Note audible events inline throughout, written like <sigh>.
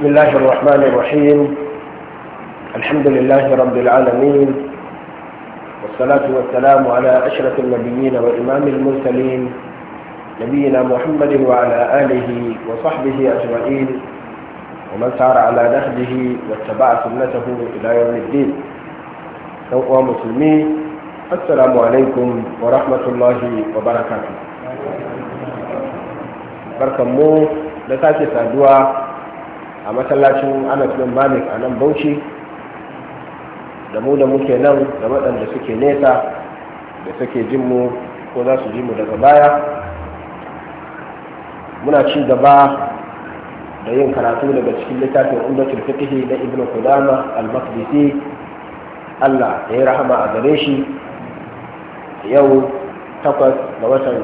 بسم الله الرحمن الرحيم الحمد لله رب العالمين والصلاة والسلام على أشرف النبيين وإمام المرسلين نبينا محمد وعلى آله وصحبه أجمعين ومن سار على نهجه واتبع سنته إلى يوم الدين أو مسلمين السلام عليكم ورحمة الله وبركاته بركة مو لتاتي سادوا a masallacin anas bin malik a nan bauchi da mu da muke nan da waɗanda suke nesa da suke jin mu ko za su ji mu daga baya muna ci gaba da yin karatu daga cikin littafin umdatul fiqh na ibnu qudama al-maqdisi Allah ya yi rahama a gare shi yau takwas ga watan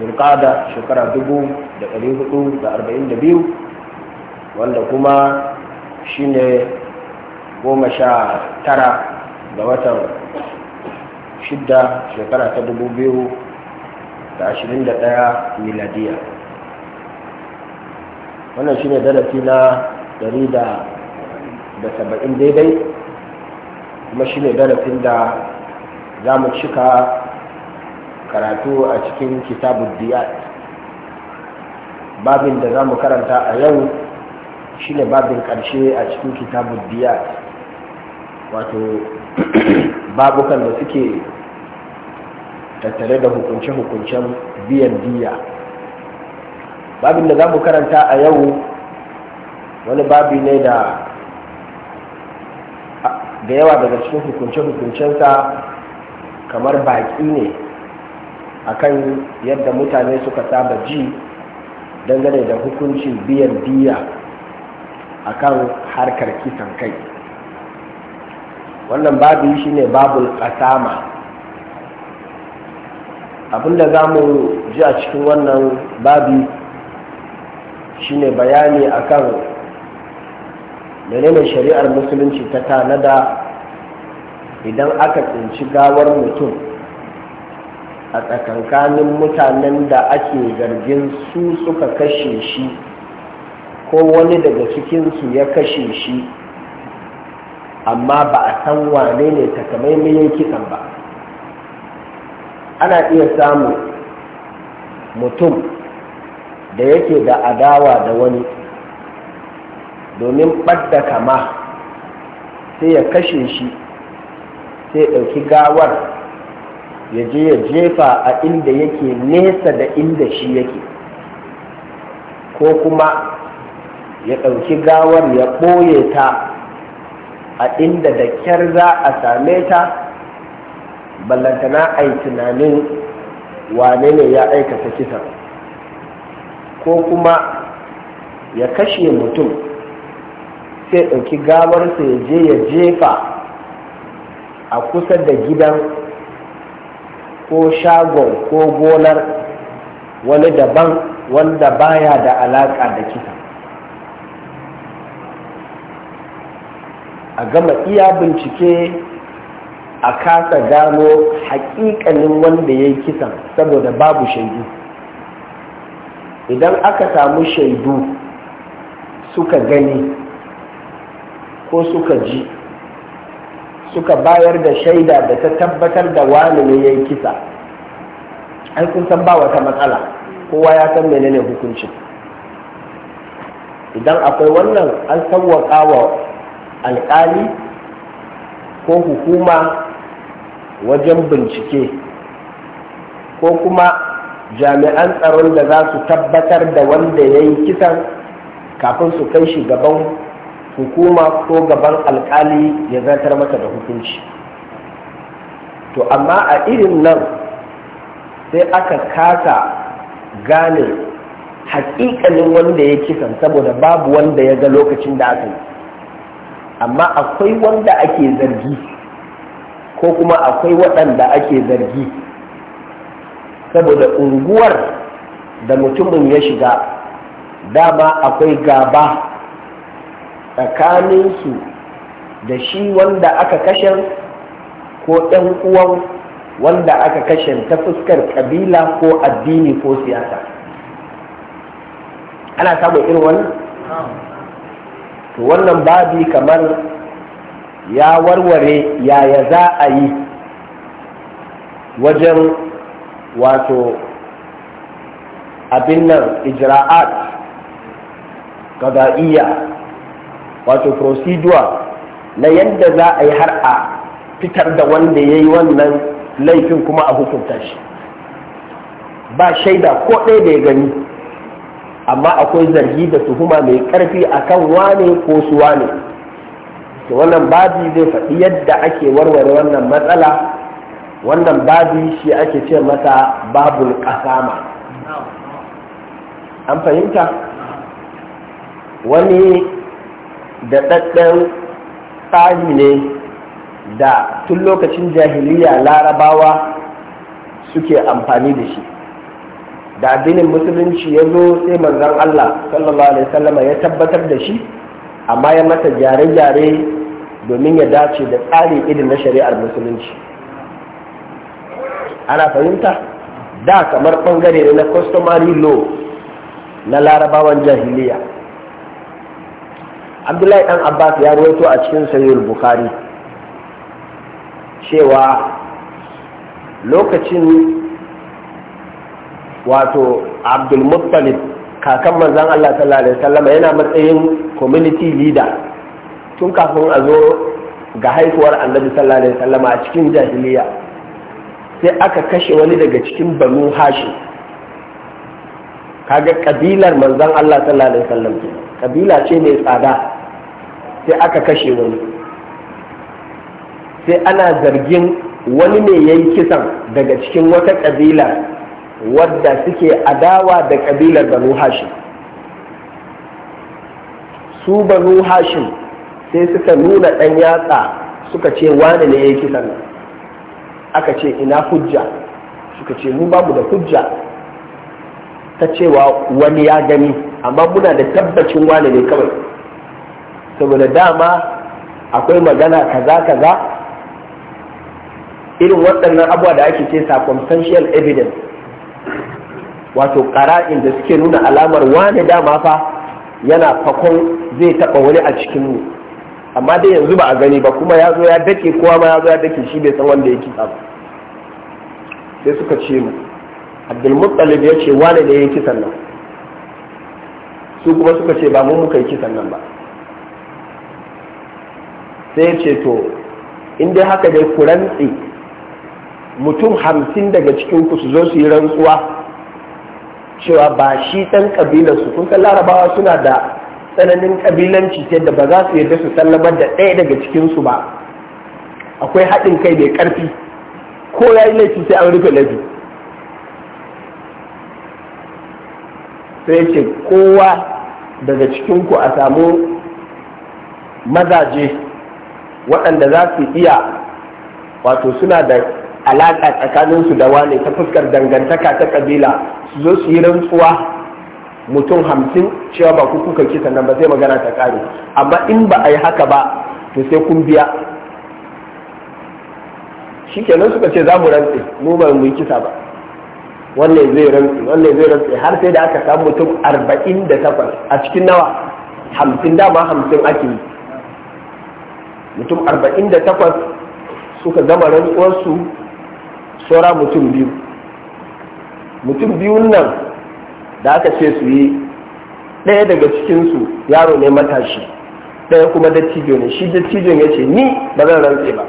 zulqada shekara dubu da ɗari hudu da arba'in da biyu wanda kuma shine goma sha tara ga watan shidda shekara ta dubu biyu da ashirin da daya miladiya wannan shine darasi na dari da saba'in daidai kuma shine darasin da za mu cika karatu a cikin kitabun diyat babin da za mu karanta a yau shi ne babin ƙarshe a cikin kitabun biya wato <clears throat> babukan da suke tattare da hukunce-hukuncen biyan biya babin da za mu karanta a yau wani babi ne da da yawa daga cikin hukunce-hukuncensa kamar baƙi ne akan yadda mutane suka saba ji dangane da hukuncin biyan biya a kan harkar kisan kai wannan babu shi ne babul kasama abinda za mu ji a cikin wannan babi shine bayani a kan menene shari'ar musulunci ta tanada idan aka tsinci gawar mutum a tsakankanin mutanen da ake zargin su suka kashe shi ko wani daga cikin cikinsu ya kashe shi amma ba a san wane ne takamaimayin kisan ba ana iya samun mutum da yake da adawa da wani domin ɓadda kama sai ya kashe shi sai ɗauki gawar ya je ya jefa a inda yake nesa da inda shi yake ko kuma ya ɗauki gawar ya ɓoye ta a inda da kyar za a same ta ballantana a yi tunanin wane ne ya aikata kisan ko kuma ya kashe mutum sai ɗauki gawarsa ya je ya jefa a kusa da gidan ko shagon ko gonar wani daban wanda baya da alaƙa da kisa a gama iya bincike a kasa gano haƙiƙanin wanda ya yi kisan saboda babu shaidu idan aka samu shaidu suka gani ko suka ji suka bayar da shaida da ta tabbatar da wani ne ya yi kisa an kun san ba wata matsala kowa ya san menene hukuncin idan akwai wannan an sauwaƙa wa alƙali ko hukuma wajen bincike ko kuma jami'an tsaron da za su tabbatar da wanda ya yi kisan kafin su kai shi gaban hukuma ko gaban alƙali ya zartar masa da hukunci to amma a irin nan sai aka kasa gane haƙiƙanin wanda ya kisan saboda babu wanda ya ga lokacin da aka yi amma akwai wanda ake zargi ko kuma akwai waɗanda ake zargi saboda unguwar da mutumin ya shiga dama akwai gaba tsakaninsu da shi wanda aka kashe ko ɗan uwan wanda aka kashe ta fuskar kabila ko addini ko siyasa ana samun irin wani? to wannan babi kamar ya warware yaya za a yi wajen wato abin nan ijra'at gada'iyya wato procedure na yadda za a yi har a fitar da wanda ya yi wannan laifin kuma a hukunta shi ba shaida ko ɗaya da ya gani amma akwai zargi da tuhuma mai karfi kan wane ko su wane to wannan babi zai faɗi yadda ake warware wannan matsala wannan babi shi ake ce masa babul ƙasama. an fahimta wani da ɗaɗɗen tsari ne da tun lokacin jahiliya larabawa suke amfani da shi da addinin musulunci ya zo sai manzon Allah sallallahu alaihi wasallama ya tabbatar da shi amma ya masa gyare-gyare domin ya dace da tsari irin na shari'ar musulunci ana fahimta da kamar ɓangare na customary law na larabawan jahiliya abdullahi dan abbas ya ruwaito a cikin sahihul bukhari cewa lokacin wato abdul muttalib kakan manzan Allah sallallahu alaihi wasallam yana matsayin community leader tun kafin a zo ga haifuwar annabi sallallahu alaihi wasallam a cikin jahiliya sai aka kashe wani daga cikin banu hashim kaga kabilar manzan Allah sallallahu alaihi wasallam kabila ce mai tsada sai aka kashe wani sai ana zargin wani ne yayi kisan daga cikin wata kabila wadda suke adawa da kabilar banu hashim su banu hashim sai suka nuna ɗan yatsa suka ce wani ne ya yi kisan aka ce ina hujja suka ce mu bamu da hujja ta cewa wani ya gani amma muna da tabbacin wani ne kawai saboda dama akwai magana kaza kaza irin waɗannan abuwa da ake ce circumstantial evidence wato ƙara'in da suke nuna alamar wani dama fa yana fakon zai taɓa wani a cikin mu amma dai yanzu ba a gani ba kuma ya zo ya dake kowa ma ya zo ya dake shi bai san wanda yake ba sai suka ce mu abdulmuttalib ya ce wani ne ya kisan nan su kuma suka ce ba mu muka yi kisan nan ba sai ya ce to in dai haka dai ku rantse mutum hamsin daga cikin ku su zo su yi rantsuwa cewa ba shi ɗan ƙabilarsu kun san larabawa suna da tsananin ƙabilanci ta yadda ba za su yarda su sallamar da ɗaya daga cikinsu ba akwai haɗin kai mai ƙarfi ko ya yi laifi sai an rufe laifi sai ce kowa daga cikinku a samu mazaje waɗanda za su iya wato suna da alaƙa tsakaninsu da wane ta fuskar dangantaka ta ƙabila zo su yi rantsuwa mutum hamsin cewa ba ku kuka kisa nan ba sai magana ta ƙare amma in ba a yi haka ba to sai kun biya shi kenan suka ce za mu rantse mu ba mu yi kisa ba wannan zai rantse wannan zai rantse har sai da aka samu mutum arba'in da takwas a cikin nawa hamsin dama hamsin ake yi mutum arba'in da takwas suka zama rantsuwarsu saura mutum biyu mutum biyun nan da aka ce su yi ɗaya daga cikinsu yaro ne matashi ɗaya kuma dattijo ne shi dattijon ya ce ni ba zan rantse ba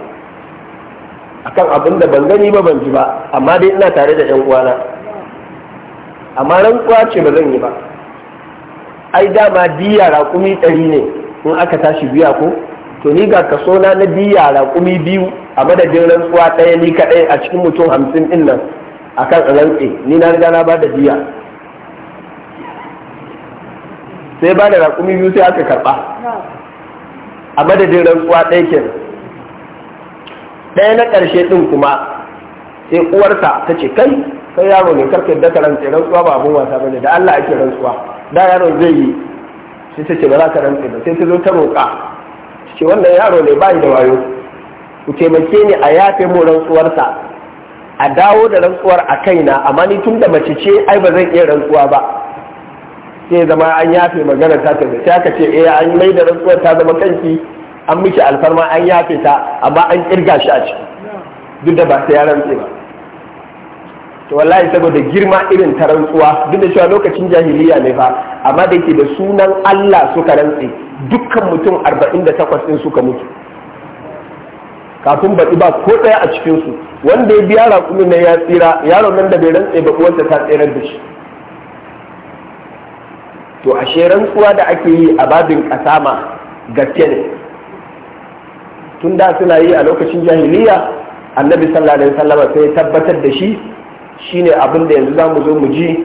akan abin da ban gani ba ban ji ba amma dai ina tare da yan uwana amma rantsuwa ce ba zan yi ba ai dama diya raƙumi ɗari ne in aka tashi biya ko to ni ga kaso na na diya raƙumi biyu a madadin rantsuwa ɗaya ni kaɗai a cikin mutum hamsin ɗin nan akan rantse ni na riga na bada diya sai ba da raƙumi biyu sai aka karɓa a madadin rantsuwa ɗaya ke ɗaya na ƙarshe ɗin kuma sai uwarsa ta ce kai sai yaro ne karka yadda ka rantse rantsuwa ba abin wasa bane da Allah ake rantsuwa da yaron zai yi sai ta ce ba za ka rantse ba sai ta zo ta roƙa ce wannan yaro ne ba da wayo ku taimake ni a yafe mu rantsuwarsa a dawo da rantsuwar a kaina amma ni tun da mace ce ai ba zan iya rantsuwa ba sai zama an yafe magana ta ta sai aka ce eh an mai da rantsuwar ta zama kanki an miki alfarma an yafe ta amma an kirga shi a ciki duk da ba sai ya rantse ba to wallahi saboda girma irin ta rantsuwa duk da cewa lokacin jahiliya ne fa amma da yake da sunan Allah suka rantse dukkan mutum 48 din suka mutu kafin baɗi ba ko ɗaya a cikin su wanda ya biya raƙumin na ya tsira yaron nan da bai rantse ba uwarsa ta tsirar da shi to a ashe rantsuwa da ake yi a babin kasama gaske ne tun da suna yi a lokacin jahiliya annabi sallallahu alaihi wasallam sai tabbatar da shi shine abin da yanzu zamu zo mu ji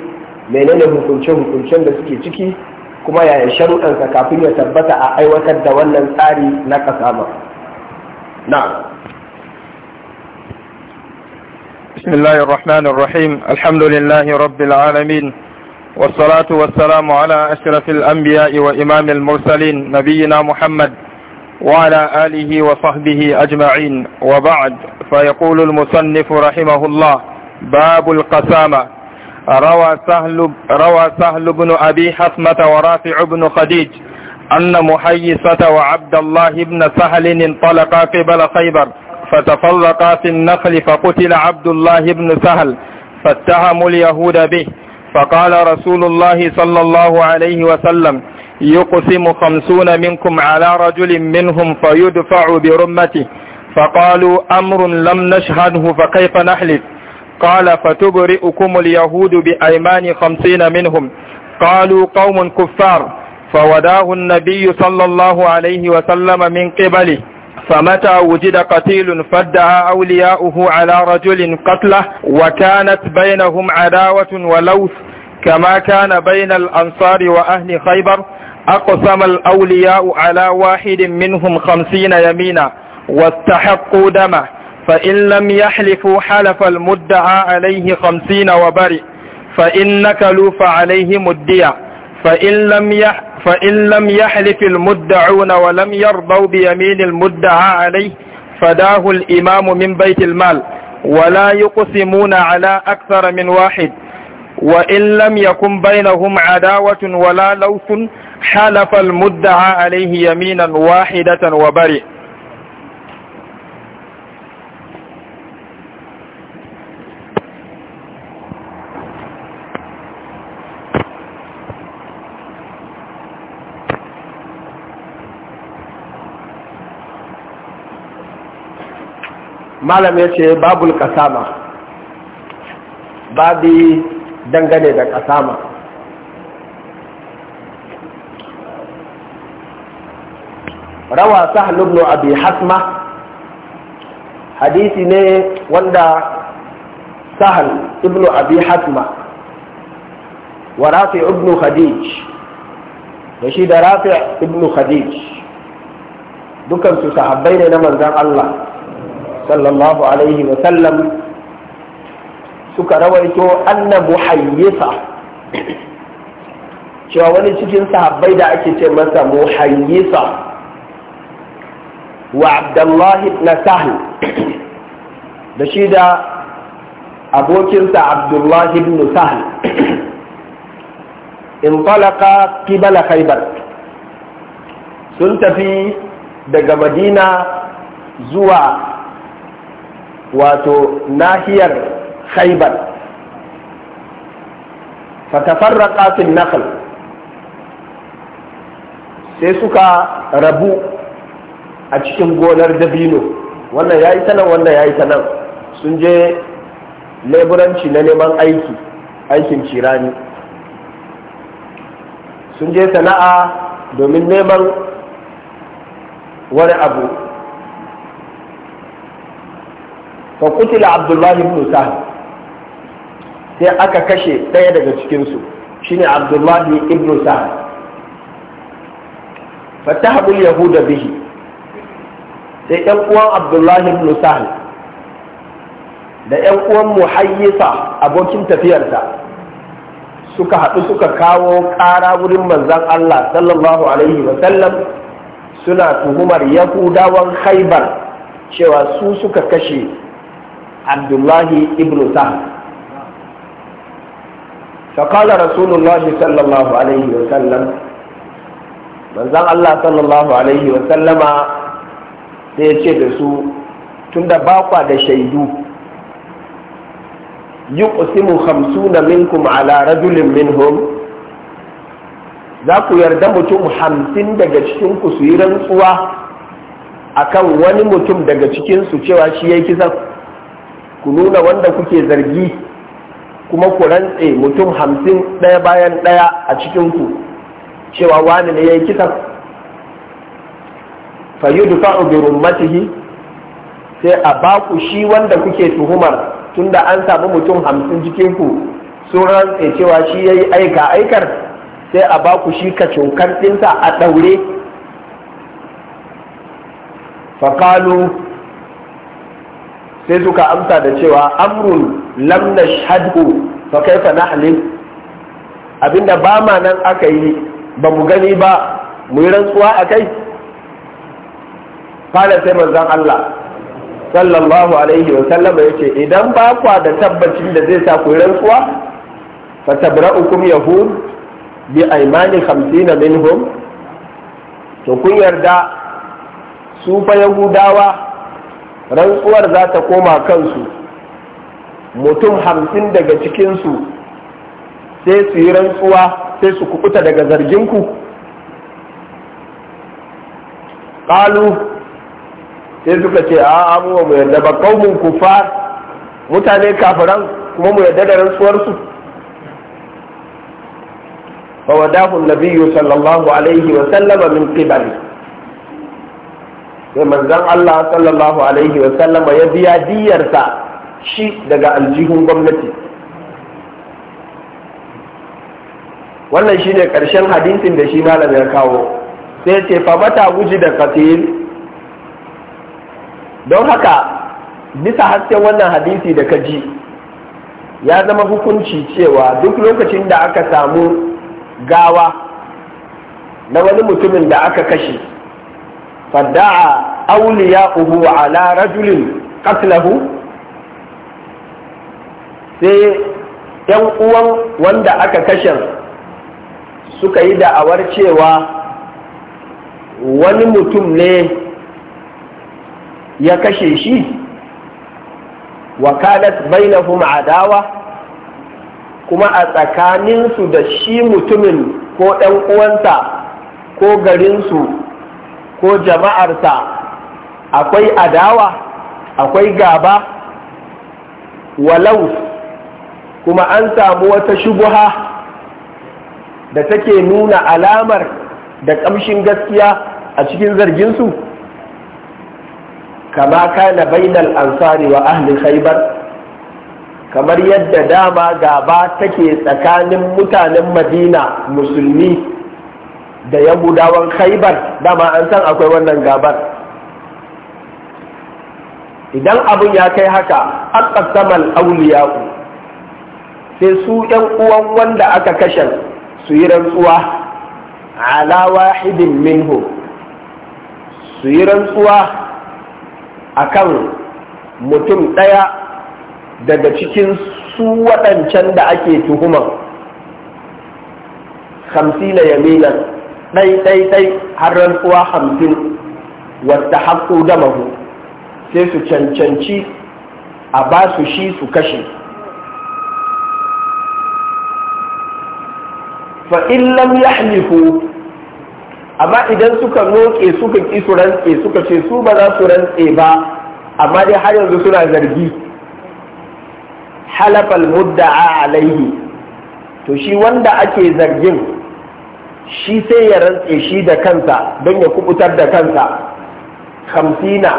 menene hukunce hukuncen da suke ciki kuma yaya sharuɗansa kafin ya tabbata a aiwatar da wannan tsari na kasama نعم بسم الله الرحمن الرحيم الحمد لله رب العالمين والصلاة والسلام على أشرف الأنبياء وإمام المرسلين نبينا محمد وعلى آله وصحبه أجمعين وبعد فيقول المصنف رحمه الله باب القسامة روى سهل, روى سهل بن أبي حثمة ورافع بن خديج أن محيصة وعبد الله بن سهل انطلقا قبل خيبر فتفرقا في النخل فقتل عبد الله بن سهل فاتهموا اليهود به فقال رسول الله صلى الله عليه وسلم يقسم خمسون منكم على رجل منهم فيدفع برمته فقالوا أمر لم نشهده فكيف نحلف قال فتبرئكم اليهود بأيمان خمسين منهم قالوا قوم كفار فوداه النبي صلى الله عليه وسلم من قبله فمتى وجد قتيل فادعى أولياؤه على رجل قتله وكانت بينهم عداوة ولوث كما كان بين الأنصار وأهل خيبر أقسم الأولياء على واحد منهم خمسين يمينا واستحقوا دمه فإن لم يحلفوا حلف المدعى عليه خمسين وبرئ فإن نكلوا فعليهم الدية فإن لم يح فإن لم يحلف المدعون ولم يرضوا بيمين المدعى عليه فداه الإمام من بيت المال ولا يقسمون على أكثر من واحد وإن لم يكن بينهم عداوة ولا لوث حلف المدعى عليه يمينا واحدة وبرئ malam ya ce babul kasama babi dangane da kasama rawa sahal abi hasma hadisi ne wanda sahal ibnu abi hasma wa rafi ibnu khadij da shi da rafi ibnu khadij dukansu sahabbai ne na manzan Allah sallallahu alaihi wa sallam suka rawaito annabu muhayyisa cewa wani cikin sahabbai da ake ce masa muhayyisa wa abdullahi ibn da shi da abokinsa abdullahi ibn sahl in falaka kibala khaybar sun tafi daga madina zuwa wato nahiyar khaibar fatafarraqa fil nakhl sai suka rabu a cikin gonar dabino wannan yayi ta nan wannan yayi ta nan sun je leburanci na neman aiki aikin cirani sun je sana'a domin neman wani abu fa kutila abdullahi ibn sahl sai aka kashe ɗaya daga cikinsu shine abdullahi ibn sahl fatahabul yahuda bihi sai ɗan uwan abdullahi ibn sahl da ɗan uwan muhayyisa abokin tafiyarsa suka haɗu suka kawo ƙara wurin manzan Allah sallallahu alaihi sallam suna tuhumar yahudawan haibar cewa su suka kashe abdullahi ibn sa'd فقال رسول الله صلى الله عليه وسلم Allah sallallahu alaihi wa sallama sai ce da su tun da bakwa da shaidu yi ƙusimu hamsuna minkum ala rajulin minhum za ku yarda mutum hamsin daga cikinku su yi rantsuwa a kan wani mutum daga cikinsu cewa shi ya yi kisan ku nuna wanda kuke zargi kuma ku rantse mutum hamsin ɗaya bayan ɗaya a cikinku cewa wani ne ya yi kisan fayyudu fa'ubirin matihi sai a baku shi wanda kuke tuhumar tunda an samu mutum hamsin jikinku sun rantse cewa shi ya yi aika aikar sai a baku shi cokar ɗinsa a ɗaure fakalu sai suka amsa da cewa amrun lam nashhadhu fa kaifa nahlif abinda ba ma nan aka yi ba mu gani ba mu yi rantsuwa a kai fara sai manzan Allah sallallahu alaihi wa sallama ya ce idan ba kwa da tabbacin da zai sa ku yi rantsuwa fa tabra'ukum yahud bi aymani 50 minhum to kun yarda su fa yahudawa rantsuwar za ta koma kansu mutum hamsin daga cikinsu sai su yi rantsuwa sai su kubuta daga zarginku ƙalu sai suka ce a amuwa mu yadda ba kaunin kufa mutane kafiran kuma mu yadda da rantsuwarsu فوداه النبي صلى الله عليه وسلم من قبله sai manzon Allah sallallahu alaihi wa sallama ya biya diyarsa shi daga aljihun gwamnati wannan shine ƙarshen hadisin da shi malam ya kawo sai ce fa mata guji da katil don haka bisa hasken wannan hadisi da ka ji ya zama hukunci cewa duk lokacin da aka samu gawa na wani mutumin da aka kashe فدعا أولياؤه على رجل قتله sai ‘yan uwan wanda aka kashe suka yi da'awar cewa wani mutum ne ya kashe shi wakalat bainahum adawa kuma a tsakaninsu da shi mutumin ko yan uwansa ko garinsu ko jama'arsa akwai adawa akwai gaba walau kuma an samu wata shubuha da take nuna alamar da ƙamshin gaskiya a cikin zarginsu kama kana bainal ansari wa ahli khaybar kamar yadda dama gaba take tsakanin mutanen madina musulmi da yahudawan khaibar dama an san akwai wannan gabar idan abin ya kai haka an ƙasamal auliya'u sai su ‘yan uwan wanda aka kashe su yi rantsuwa ala wahidin minhu su yi rantsuwa akan mutum ɗaya daga cikin su waɗancan da ake tuhuman 50 yaminan ɗai ɗai ɗai har kuwa hamsin wadda haƙo damahu sai su cancanci a ba su shi su kashe fa'in lam yahlifu amma idan suka noke suka ƙi su rantse suka ce su ba za su rantse ba amma dai har yanzu suna zargi halafal mudda'a alaihi to shi wanda ake zargin shi sai ya rantse shi da kansa don ya kubutar da kansa hamsina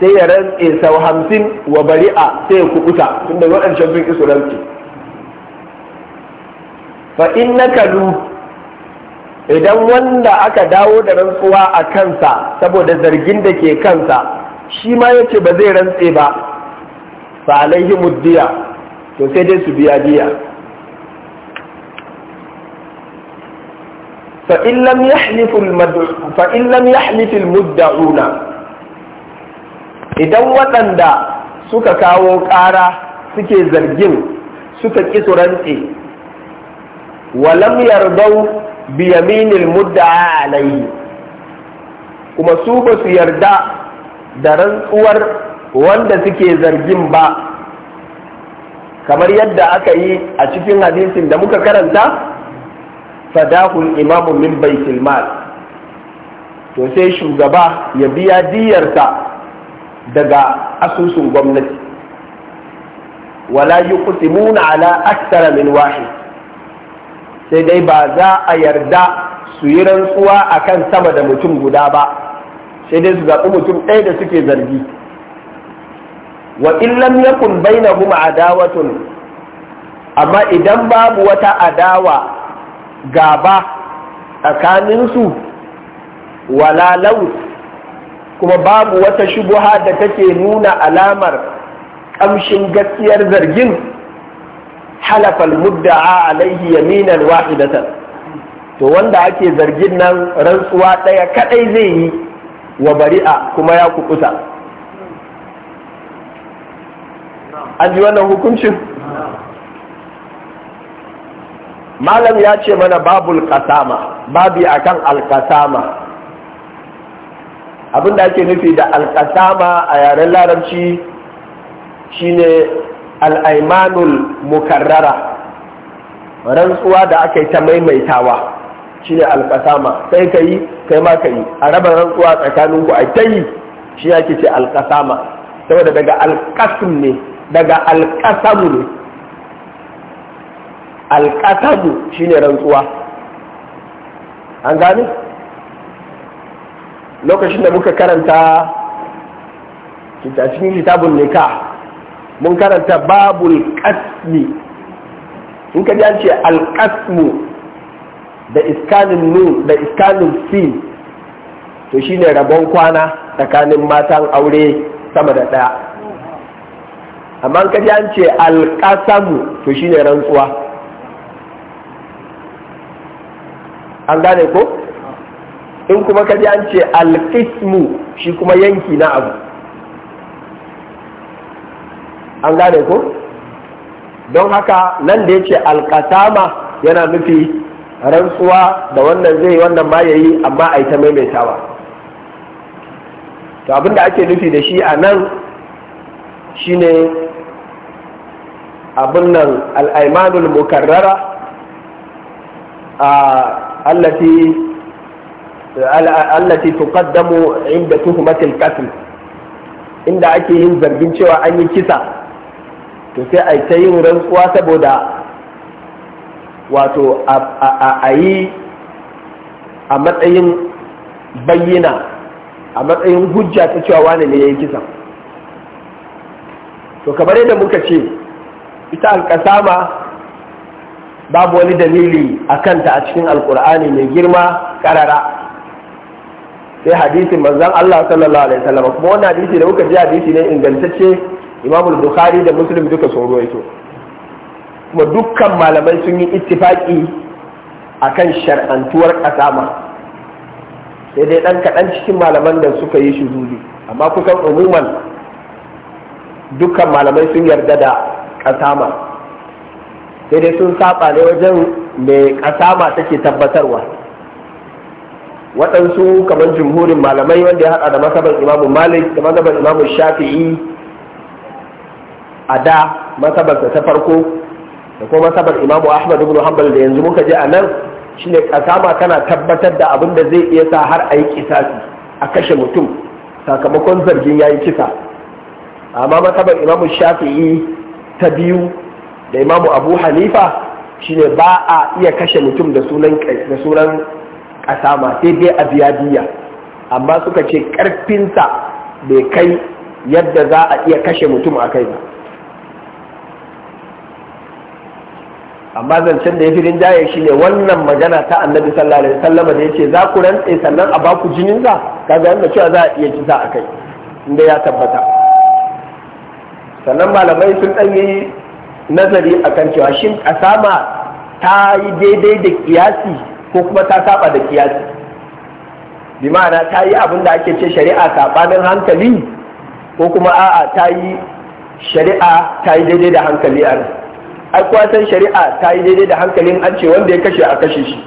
sai ya rantse sau hamsin wa bari'a sai ya kubuta tunda waɗancan sun isu rantse fa in na kalu idan wanda aka dawo da rantsuwa a kansa saboda zargin da ke kansa shi ma ya ce ba zai rantse ba fa alaihi muddiya to sai dai su biya jiya. فإن لم يحلف المدعو فإن لم يحلف idan waɗanda suka kawo ƙara suke zargin suka ƙi su walam yardau bi yaminil mudda'a alayhi kuma su ba su yarda da rantsuwar wanda suke zargin ba kamar yadda aka yi a cikin hadisin da muka karanta fadahun imamu min baitul mal to sai shugaba ya biya diyarsa daga asusun gwamnati wala yuqsimuna ala akthara min wahid sai dai ba za a yarda su yi rantsuwa akan sama da mutum guda ba sai dai su zaɓi mutum ɗaya da suke zargi wa illam yakun bainahuma adawatun amma idan babu wata adawa gaba tsakaninsu wala kuma babu wata shubuha da take nuna alamar kamshin gaskiyar zargin halafal mudda'a alaihi yaminan wahidatan to wanda ake zargin nan rantsuwa ɗaya kaɗai zai yi wa bari'a kuma ya kusa. an ji wannan hukuncin malam ya ce mana babul kasama babi akan alkasama da ake nufi da alkasama a yaren larabci shine al'aimanul mukarrara rantsuwa da aka yi ta maimaitawa shine alkasama sai ka yi kai ma ka yi a raba rantsuwa tsakaninku a ta yi shi ake ce alkasama saboda daga alkasum ne daga alkasamu ne shi shine rantsuwa an gani? lokacin da muka karanta cikin kitabun nika mun karanta babul kasmi in ka an ce alƙasmu da iskanin nu da iskanin sin to shine rabon kwana tsakanin matan aure sama da ɗaya amma ka an ce alƙasamu to shine rantsuwa an gane ko in kuma ka ji an ce alkismu shi kuma yanki na abu an gane ko don haka nan da ya ce alkasama yana nufi rantsuwa da wannan zai wannan ma yayi amma a yi ta maimaitawa to abinda ake nufi da shi a nan shine abin nan al'aimanul mukarrara a التي التي تقدم عند تهمة القتل inda ake اكي ين cewa an yi kisa to sai ai ta yin rantsuwa saboda wato a ayi a matsayin bayyana a matsayin hujja ta cewa wane ne yayin kisa to kamar yadda muka ce ita alqasama babu wani dalili a kanta a cikin alkur'ani mai girma karara sai hadisin manzon Allah sallallahu alaihi wasallam kuma wannan hadisi da muka ji hadisi ne ingantacce Imam Bukhari da Muslim duka sun ruwaito kuma dukkan malamai sun yi ittifaki akan shar'antuwar kasama sai dai ɗan kaɗan cikin malaman da suka yi shuzuli amma kusan umuman dukkan malamai sun yarda da kasama sai dai sun saba ne wajen mai kasama take tabbatarwa waɗansu kamar jumhurin malamai wanda ya haɗa da masabar imamu malik da masabar imamu shafi'i a da masabarsa ta farko da kuma masabar imamu ahmad ibn hanbal da yanzu muka je a nan shine kasama tana tabbatar da abin da zai iya sa har a yi kisasi a kashe mutum sakamakon zargin ya yi kisa amma masabar imamu shafi'i ta biyu da imamu abu hanifa shine ba a iya kashe mutum da sunan ma sai dai a biya amma suka ce ƙarfinsa bai kai yadda za a iya kashe mutum a kai ba amma zancen da ya fi rinjaye ne wannan magana ta annabi sallallahu alaihi wasallam da ce za ku rantse sannan a baku jinin za ga wanda cewa za a iya kisa a kai inda ya tabbata sannan malamai sun ɗan yi nazari a kan cewa shin kasama ta yi daidai da kiyasi ko kuma ta saba da kiyasi bi ma'ana ta yi abin da ake ce shari'a saɓanin hankali ko kuma a'a ta yi shari'a ta yi daidai da hankali a ai san shari'a ta yi daidai da hankalin an ce wanda ya kashe a kashe shi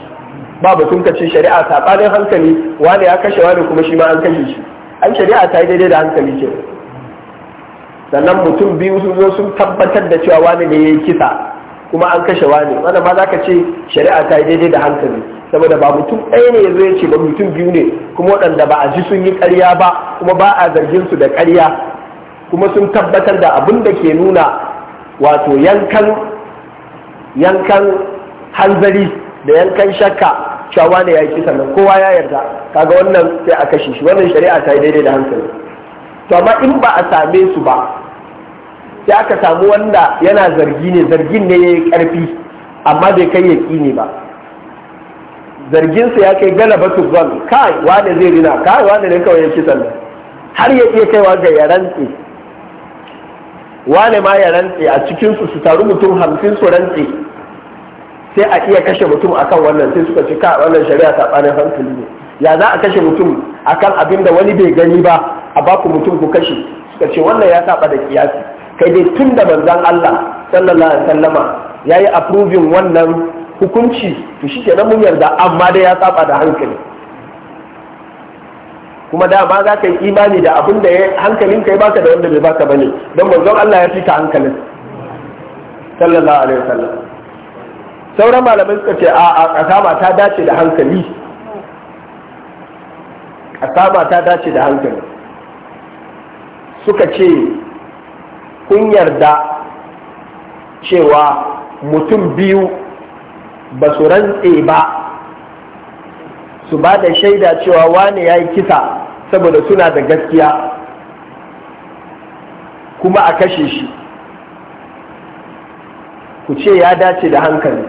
ba batun kace shari'a saɓanin hankali wani ya kashe wani kuma shi ma an kashe shi an shari'a ta yi daidai da hankali ce sannan mutum biyu sun zo sun tabbatar da cewa wani ne ya yi kisa kuma an kashe wani wanda ma za ka ce shari'a ta yi daidai da hankali saboda ba mutum ɗaya ne ya zo ya ce ba mutum biyu ne kuma waɗanda ba a ji sun yi ƙarya ba kuma ba a zargin su da ƙarya kuma sun tabbatar da abin da ke nuna wato yankan yankan hanzari da yankan shakka cewa wani ya yi kisa. nan kowa ya yarda kaga wannan sai a kashe shi wannan shari'a ta yi daidai da hankali to amma in ba a same su ba sai aka samu wanda yana zargi ne zargin ne ya yi ƙarfi amma bai kai ya ne ba zarginsa ya kai galaba tubban kai wane zai rina kai wane ne kawai ya ci sannan har ya iya kaiwa ga ya rantse wane ma ya rantse a cikinsu su taru mutum hamsin su rantse sai a iya kashe mutum akan wannan sai suka ci ka wannan shari'a tsanin hankali ne ya za a kashe mutum akan abin da wani bai gani ba a baku mutum ku kashe suka ce wannan ya saba da kiyasi kai dai tun da manzan Allah sallallahu alaihi sallama ya yi approving wannan hukunci to shi kenan mun yarda amma dai ya saba da hankali kuma dama za ka yi imani da abin da ya hankalin kai baka da wanda bai baka bane don manzon Allah ya fita hankalin sallallahu alaihi wasallam sauran malamai suka ce a kasama ta dace da hankali kasama ta dace da hankali suka ce Kun yarda cewa mutum biyu ba su rantse ba su ba da shaida cewa wane ya yi kisa saboda suna da gaskiya kuma a kashe shi ku ce ya dace da hankali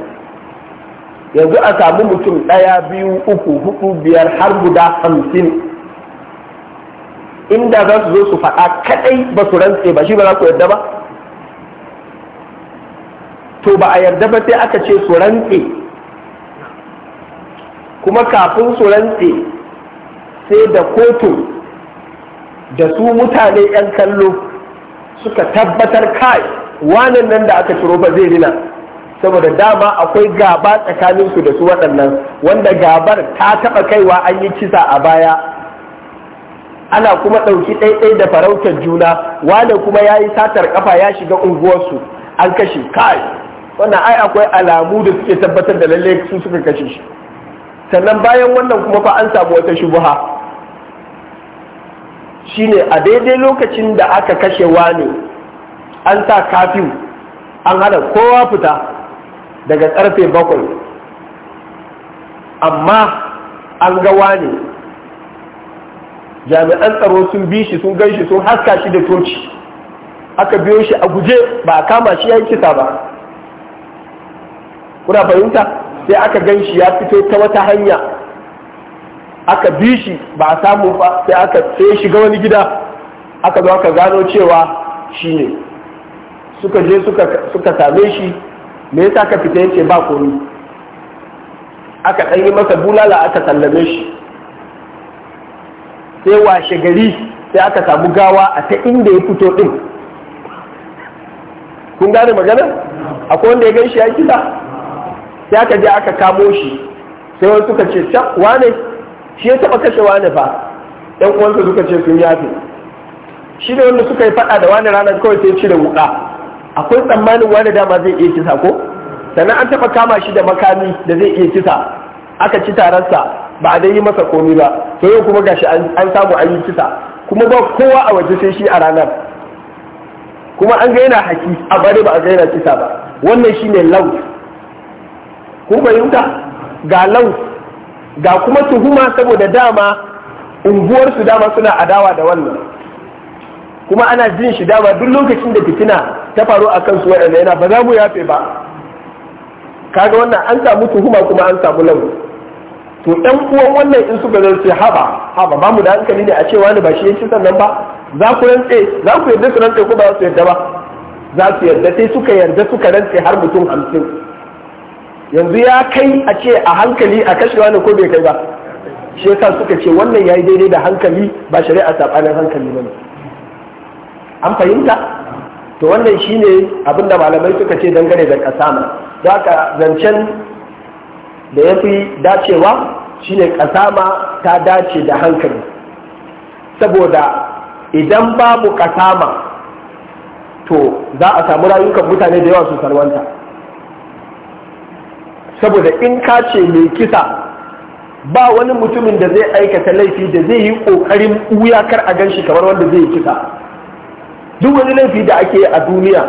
yanzu a samu mutum ɗaya biyu uku hudu biyar har guda hamsin inda za su zo su faɗa kaɗai ba su rantse ba shi ba za ku yarda ba to ba a yarda ba sai aka ce su rantse kuma kafin su rantse sai da kotu da su mutane 'yan kallo suka tabbatar kai wannan nan da aka ciro ba zai rina saboda dama akwai gaba tsakaninsu da su waɗannan wanda gabar ta taɓa kaiwa an yi kisa a baya ana kuma ɗauki ɗaiɗai da farautar juna wane kuma ya yi satar kafa ya shiga unguwarsu an kashe kai wannan ai akwai alamu da suke tabbatar da lalle su suka kashe shi sannan bayan wannan kuma fa an samu wata shubuha shine a daidai lokacin da aka kashe wane an sa kafin an hana kowa fita daga ƙarfe bakwai amma an ga wane jami'an tsaro sun bi shi sun gan shi sun haska shi da toci aka biyo shi a guje ba a kama shi ya yi kisa ba kuna fahimta sai aka gan shi ya fito ta wata hanya aka bi shi ba a samu ba sai aka sai shiga wani gida aka zo aka gano cewa shi ne suka je suka same shi me yasa ka fita yace ba komi aka ɗan yi masa bulala aka sallame shi sai washe gari sai aka samu gawa a ta inda ya fito ɗin. kun gane magana akwai wanda ya gan shi ya kisa sai aka je aka kamo shi sai wani suka ce wane shi ya taba kashe wane fa ɗan uwansa suka ce sun yafe shi ne wanda suka yi fada da wani ranar kawai sai cire wuka akwai tsammanin wani dama zai iya kisa ko sannan an taba kama shi da makami da zai iya kisa aka ci tararsa ba a dai yi masa komi ba to yau kuma gashi an samu an yi kisa kuma ba kowa a waje sai shi a ranar kuma an ga yana haki a bare ba a ga yana kisa ba wannan shi ne laus kun fahimta ga laus ga kuma tuhuma saboda dama unguwarsu dama suna adawa da wannan kuma ana jin shi dama duk lokacin da fitina ta faru a kansu waɗanda yana ba za mu yafe ba kaga wannan an samu tuhuma kuma an samu laus to ɗan uwan wannan in suka zai ce haba haba ba mu da hankali ne a cewa ne ba shi yanci sannan ba za ku rantse za ku yarda su rantse ko ba su yarda ba za su yarda sai suka yarda suka rantse har mutum hamsin yanzu ya kai a ce a hankali a kashewa ne ko bai kai ba shi yasa suka ce wannan yayi daidai da hankali ba shari'a sabanin hankali ba ne. an fahimta to wannan shine abinda malamai suka ce dangane da kasama Za ka zancen da ya fi dacewa shine kasama ta dace da hankali saboda idan babu kasama to za a samu rayukan mutane da yawa su salwanta saboda in ka ce mai kisa ba wani mutumin da zai aikata laifi da zai yi ƙoƙarin wuyakar a gan shi kamar wanda zai yi kisa duk wani laifi da ake yi a duniya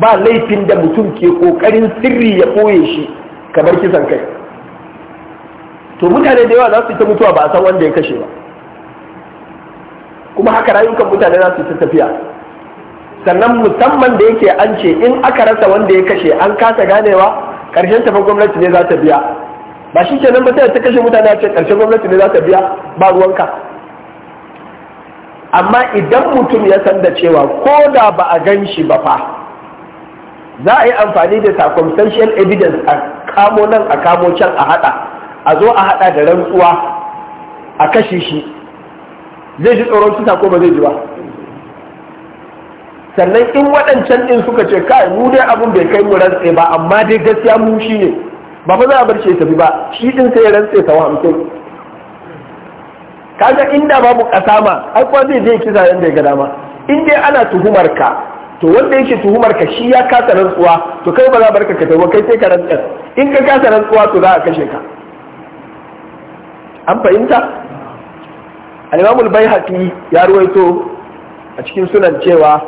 ba laifin da mutum ke ƙoƙarin sirri ya ɓoye shi kamar kisan kai to mutane da yawa za su yi ta mutuwa ba a san wanda ya kashe ba kuma haka rayukan mutane za su yi ta tafiya sannan musamman da yake an ce in aka rasa wanda ya kashe an kasa ganewa karshen tafi gwamnati ne za ta biya ba shi nan ba sai ta kashe mutane a ce karshen gwamnati ne za ta biya ba ruwanka amma idan mutum ya san da cewa ko da ba a gan shi ba fa za a yi amfani da circumstantial evidence a kamo nan a kamo can a hada a zo a hada da rantsuwa a kashe shi zai ji tsoron kisa ko ba zai ji ba sannan in waɗancan ɗin suka ce kai mu dai abin bai kai mu rantse ba amma dai gaskiya mu shi ne ba fa za a bar shi tafi ba shi ɗin sai ya rantse sau hamsin kaga inda babu kasama ai kuwa zai je kisa da ya ga dama in dai ana tuhumar ka to wanda yake tuhumar ka shi ya kasa rantsuwa to kai ba za a barka ka tafi kai sai ka rantsar in ka kasa rantsuwa to za a kashe ka an fahimta alimamul haƙi ya ruwaito a cikin sunan cewa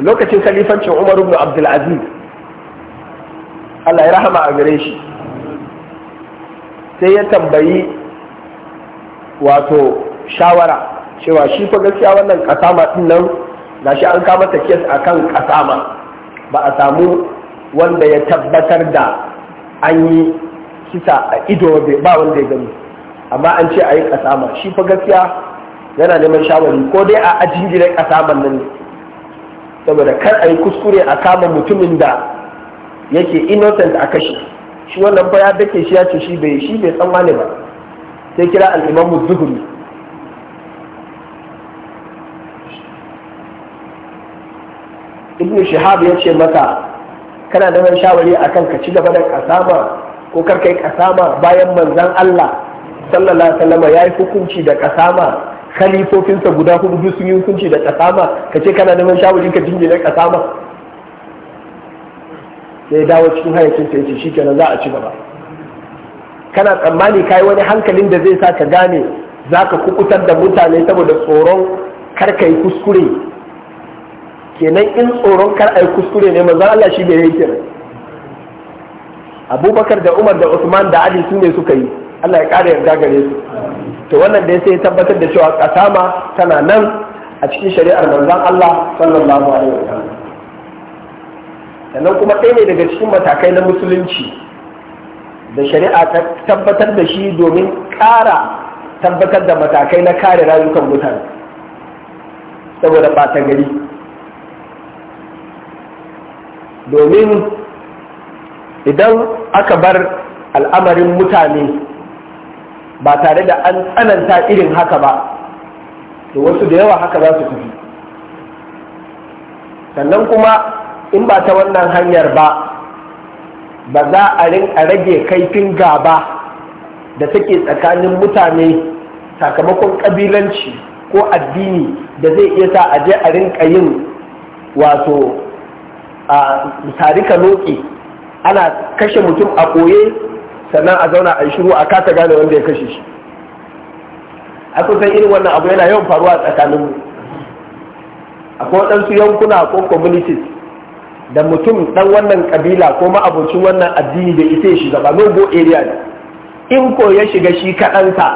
lokacin kalifancin umaru ibn Abdulaziz, Allah ya rahama a gare shi sai ya tambayi wato shawara cewa shi fa gaskiya wannan kasama din nan shi an kama ta kes kan kasama ba a samu wanda ya tabbatar da an yi kisa a ido ba wanda ya gani amma an ce a yi kasama shi fa gaskiya yana neman shawari ko dai a ajin gidan kasaman nan saboda kar a yi kuskure a kama mutumin da yake innocent a kashe shi wannan fa ya dake shi ya ce shi bai shi bai san wani ba sai kira al-imamu zuhri ibn shihab ya ce maka kana neman shawari akan ka ci gaba da kasama ko kar kai kasama bayan manzon Allah sallallahu alaihi wasallam ya yi hukunci da kasama khalifofinsa guda hudu duk sun yi hukunci da kasama ka ce kana neman shawarin ka jingina kasama sai dawo cikin hayyacin sai ce shikenan za a ci gaba kana tsammani kai wani hankalin da zai sa ka gane zaka kukutar da mutane saboda tsoron kar ka yi kuskure kenan in tsoron kar a yi kuskure ne manzo Allah shi bai yi Abubakar da Umar da Usman da Ali su ne suka yi Allah ya ƙara yarda gare su to wannan dai sai ya tabbatar da cewa kasama tana nan a cikin shari'ar manzon Allah sallallahu alaihi sallam sannan kuma ɗaya ne daga cikin matakai na musulunci da shari'a ta tabbatar da shi domin ƙara tabbatar da matakai na kare rayukan mutane saboda ɓata gari domin idan aka bar al'amarin mutane ba tare da an tsananta irin haka ba to wasu da yawa haka za su tafi sannan kuma in ba ta wannan hanyar ba ba za a rage kaifin gaba da take tsakanin mutane sakamakon ƙabilanci ko addini da zai iya sa a je a rinka yin wato a tarika loki ana kashe mutum a koye sannan a zauna a yi shiru a kasa gane wanda ya kashe shi a kusan irin wannan abu yana yawan faruwa a tsakaninmu akwai waɗansu yankuna ko communities da mutum ɗan wannan ƙabila ko ma'abocin wannan addini da ita ya shiga ba logo area ne in ko ya shiga shi kaɗansa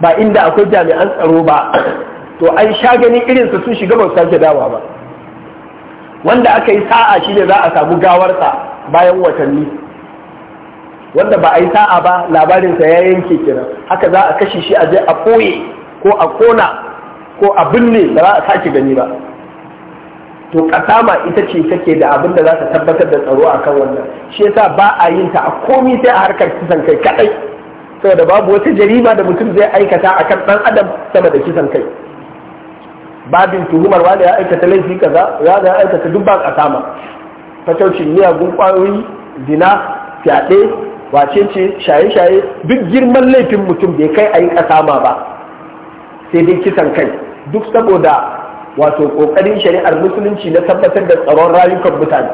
ba inda akwai jami'an tsaro ba to ai sha gani irinsa sun shiga ba su sake dawa ba wanda aka yi sa'a shi ne za a samu gawarsa bayan watanni wanda ba a yi sa'a ba labarinsa ya yanke kenan haka za a kashe shi a je a koye ko a kona ko a binne ba za a sake gani ba to ƙasama ita ce take da abin da za ta tabbatar da tsaro a kan wannan shi yasa ba a yin ta a komi sai a harkar kisan kai kaɗai saboda babu wata jarima da mutum zai aikata a kan ɗan adam sama da kisan kai babin tuhumar wanda ya aikata laifi kaza wanda ya aikata duk ba ƙasama fataucin miyagun kwayoyi zina fyaɗe wace ce shaye-shaye duk girman laifin mutum bai kai a yi kasama ba sai dai kisan kai duk saboda wato ƙoƙarin shari'ar musulunci na tabbatar da tsaron rayukan mutane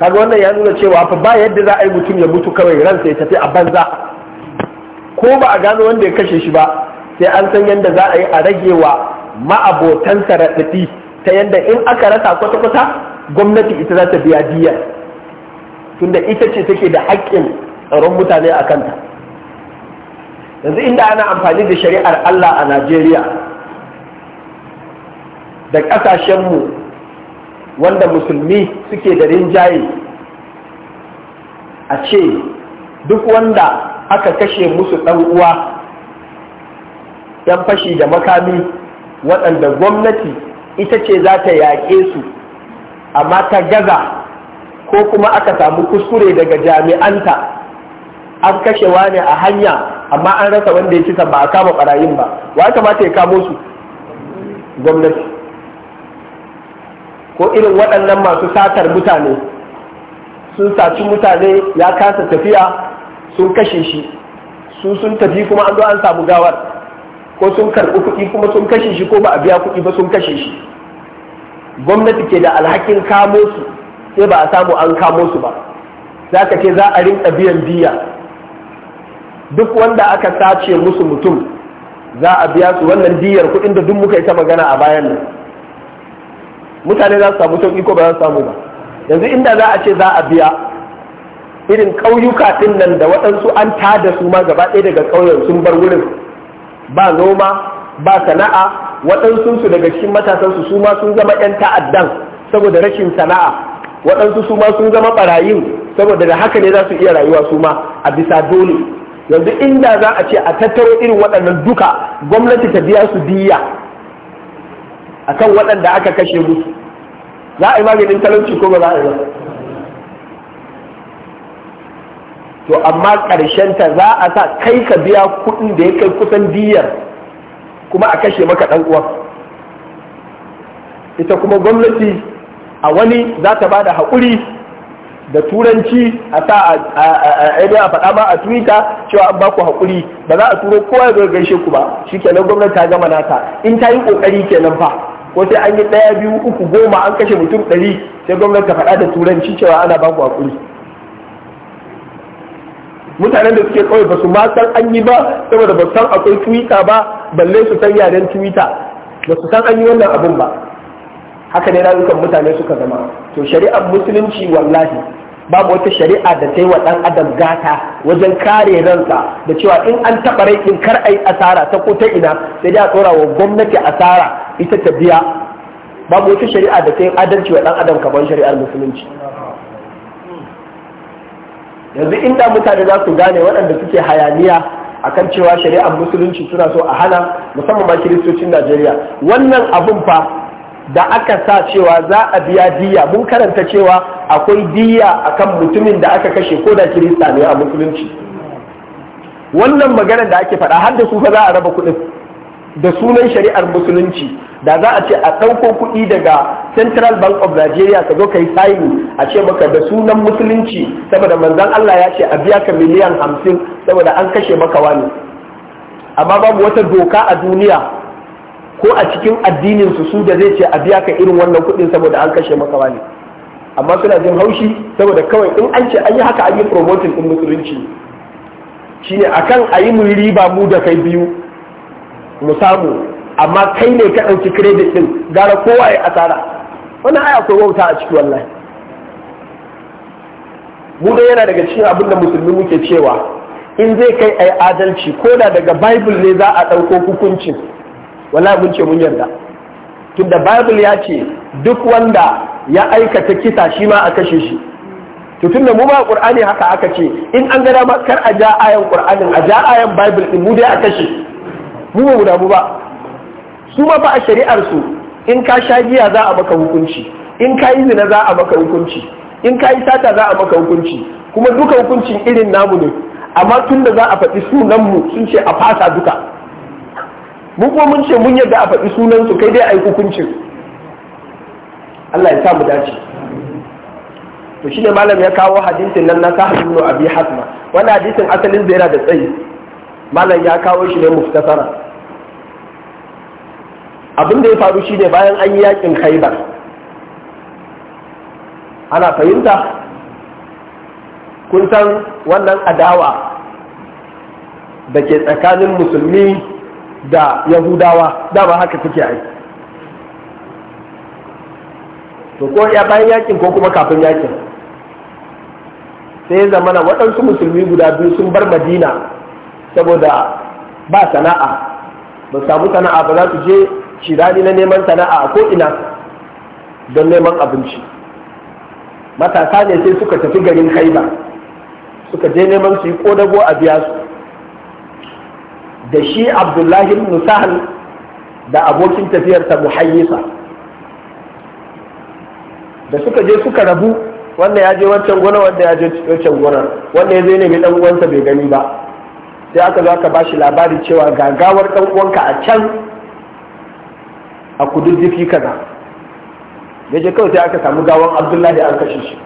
kaga wannan ya nuna cewa fa ba yadda za a yi mutum ya mutu kawai ransa ya tafi a banza ko ba a gano wanda ya kashe shi ba sai an san yadda za a yi a rage wa ma'abotansa raɗaɗi ta yadda in aka rasa kwata-kwata gwamnati ita za ta biya diyar tunda ita ce take da haƙƙin tsaron mutane a kanta yanzu inda ana amfani da shari'ar Allah a Najeriya da ƙasashenmu wanda musulmi suke da rinjaye a ce duk wanda aka kashe musu ɗan uwa ‘yan fashi da makami waɗanda gwamnati ita ce za ta yaƙe su amma ta gaza ko kuma aka samu kuskure daga jami'anta an kashe wani a hanya amma an rasa wanda ya kisa ba a kama barayin ba wa kamata ya kamo su gwamnati ko irin waɗannan masu satar mutane sun saci mutane ya kasa tafiya sun kashe shi su sun tafi kuma an zo an samu gawar ko sun karɓi kuɗi kuma sun kashe shi ko ba a biya kuɗi ba sun kashe shi gwamnati ke da alhakin kamo su sai ba a samu an kamo su ba za ka ce za a rinka biyan biya duk wanda aka sace musu mutum za a biya su wannan diyar kuɗin da duk muka yi ta magana a bayan nan mutane za su samu sauƙi ko ba za su samu ba yanzu inda za a ce za a biya irin ƙauyuka ɗin nan da waɗansu an da su ma gaba ɗaya daga ƙauyen sun bar wurin ba noma ba sana'a waɗansu su daga cikin matasansu su ma sun zama 'yan ta'addan saboda rashin sana'a waɗansu su ma sun zama ɓarayin saboda da haka ne za su iya rayuwa su ma a bisa dole yanzu inda za a ce a tattaro irin waɗannan duka gwamnati ta biya su diya akan waɗanda aka kashe musu za a yi maganin talauci ko ba za a yi ba to amma ƙarshen ta za a sa kai ka biya kuɗin da ya kai kusan diyar kuma a kashe maka ɗan uwa ita kuma gwamnati a wani za ta ba da haƙuri da turanci a sa a a faɗa ma a twitter cewa an ba ku haƙuri ba za a turo kowa ya gaishe ku ba shi kenan gwamnati ta gama nata in ta yi ƙoƙari kenan fa ko sai an yi ɗaya biyu uku goma an kashe mutum ɗari sai gwamnati ta faɗa da turanci cewa ana ba ku haƙuri mutanen da suke kawai ba su ma san an yi ba saboda ba san akwai twitter ba balle su san yaren twitter ba su san an yi wannan abin ba haka ne rayukan mutane suka zama to shari'ar musulunci wallahi babu wata shari'a da ta yi wa ɗan adam gata wajen kare ransa da cewa in an taɓa raikin in kar a yi asara ta ko ta ina sai dai a tsora wa gwamnati asara ita ta biya babu wata shari'a da ta yi adalci wa ɗan adam kamar shari'ar musulunci yanzu inda mutane za su gane waɗanda suke hayaniya akan cewa shari'ar musulunci suna so a hana musamman ma kiristocin najeriya wannan abun fa da aka sa cewa za a biya diya mun karanta cewa akwai diya akan mutumin da aka kashe ko da kirista ne a musulunci wannan maganar da ake faɗa har da su fa za a raba kuɗin da sunan shari'ar musulunci da za a ce a ɗauko kuɗi daga central bank of nigeria ka zo ka yi sayi a ce maka da sunan musulunci saboda manzan allah ya ce a biya ka miliyan hamsin saboda an kashe maka wani amma babu wata doka a duniya ko a cikin addinin su su da zai ce a biya ka irin wannan kuɗin saboda an kashe maka wani amma suna jin haushi saboda kawai in an ce an yi haka an yi promoting din musulunci shine akan a yi riba mu da kai biyu mu samu amma kai ne ka ɗauki credit din gara kowa ya asara wannan aya akwai wauta a ciki wallahi mu dai yana daga cikin abin da musulmi muke cewa in zai kai ai adalci ko da daga bible ne za a ɗauko hukuncin Wani mun ce mun yarda tunda bible ya ce duk wanda ya aikata kisa shi ma a kashe shi to tunda mu ba qur'ani haka aka ce in an ga ma kar a ja ayan qur'anin a ja ayan bible din mu dai a kashe mu ba mu ba su ma ba a shari'ar su in ka sha giya za a maka hukunci in ka yi zina za a maka hukunci in ka yi sata za a maka hukunci kuma duka hukuncin irin namu ne amma tunda za a faɗi sunan mu sun ce a fasa duka mun kuma mun ce mun yadda a faɗi sunansu kai dai a yi hukuncin Allah ya samu dace to shine malam ya kawo hadisin nan na sahab ibn abi hasma Wani hadisin asalin da yana da tsayi malam ya kawo shi ne muftasara abin da ya faru shine bayan an yi yakin khaibar ana fahimta kun san wannan adawa da ke tsakanin musulmi da yahudawa da ba haka suke aiki. to ko ya bayan yakin ko kuma kafin yakin sai zamana waɗansu musulmi guda biyu sun bar madina saboda ba sana'a ba samu sana'a ba za su je shirani na neman sana'a a ko'ina don neman abinci matasa ne sai suka tafi garin haiba suka je neman su yi dago a biya su da shi abdullahi musahal da abokin tafiyarsa muhayyisa da suka je suka rabu wanda ya je wancan gona wanda ya je wancan gona wanda ya zai nemi dan uwansa bai gani ba sai aka zo aka bashi labari cewa gagawar dan uwanka a can a kududdufi kaza da je kawai sai aka samu gawan abdullahi an kashe shi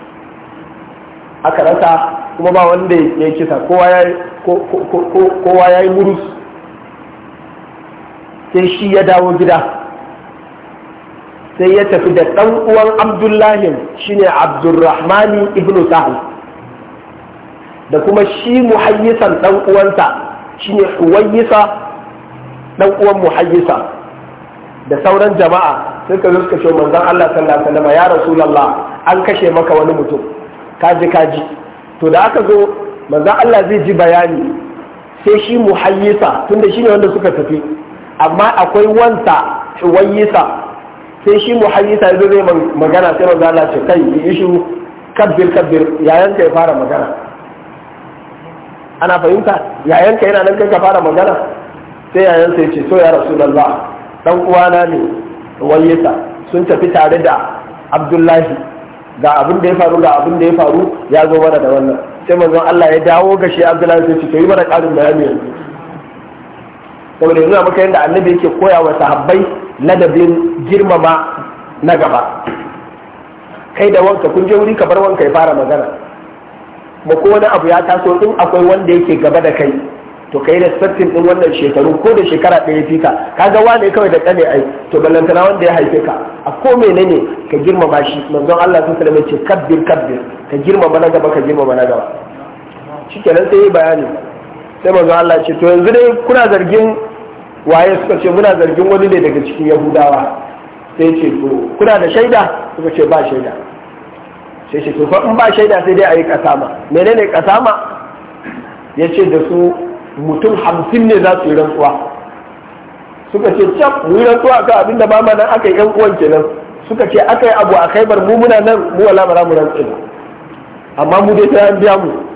aka rasa kuma ba wanda ya kisa kowa ya yi murus sai shi ya dawo gida sai ya tafi da ɗan uwan abdullahi shine abdurrahmani ibn sahal da kuma shi muhayyisan ɗan uwansa shine huwayyisa ɗan uwan muhayyisa da sauran jama'a sai ka zo ce manzon Allah sallallahu alaihi wasallam ya rasulullah an kashe maka wani mutum kaji kaji to da aka zo manzon Allah zai ji bayani sai shi muhayyisa tunda shine wanda suka tafi amma akwai wansa wayyisa sai shi muhayyisa yazo zai magana sai manzo Allah ce kai yi shi kabbir kabbir yayan ka ya fara magana ana fahimta yayan ka yana nan kai ka fara magana sai yayan sai ce so ya rasulullah dan uwana ne wayyisa sun tafi tare da abdullahi ga abin da ya faru ga abin da ya faru ya zo mana da wannan sai manzon Allah ya dawo ga shi Abdullahi sai ce yi mana karin bayani yanzu saboda nuna maka yadda annabi yake koya wa sahabbai ladabin girmama na gaba kai da wanka kun je wuri ka bar wanka ya fara magana ba ko wani abu ya taso in akwai wanda yake gaba da kai to kai respectin din wannan shekaru ko da shekara ɗaya fi ka kaga wane kawai da kane ai to ballantana wanda ya haife ka a ko menene ka girmama shi manzon Allah sun sallama ce kabbir kabbir ka girmama na gaba ka girmama na gaba shikenan sai yi bayani sai manzon Allah ce to yanzu dai kuna zargin waye suka ce muna zargin wani ne daga cikin yahudawa sai ce to kuna da shaida suka ce ba shaida sai ce to fa in ba shaida sai dai a yi kasama menene kasama ya ce da su mutum hamsin ne za su yi rantsuwa suka ce can mu yi rantsuwa ka abin da ma nan aka yi yan uwan kenan suka ce aka yi abu a bar mu muna nan mu wala ba za mu rantsu amma mu dai sai an biya mu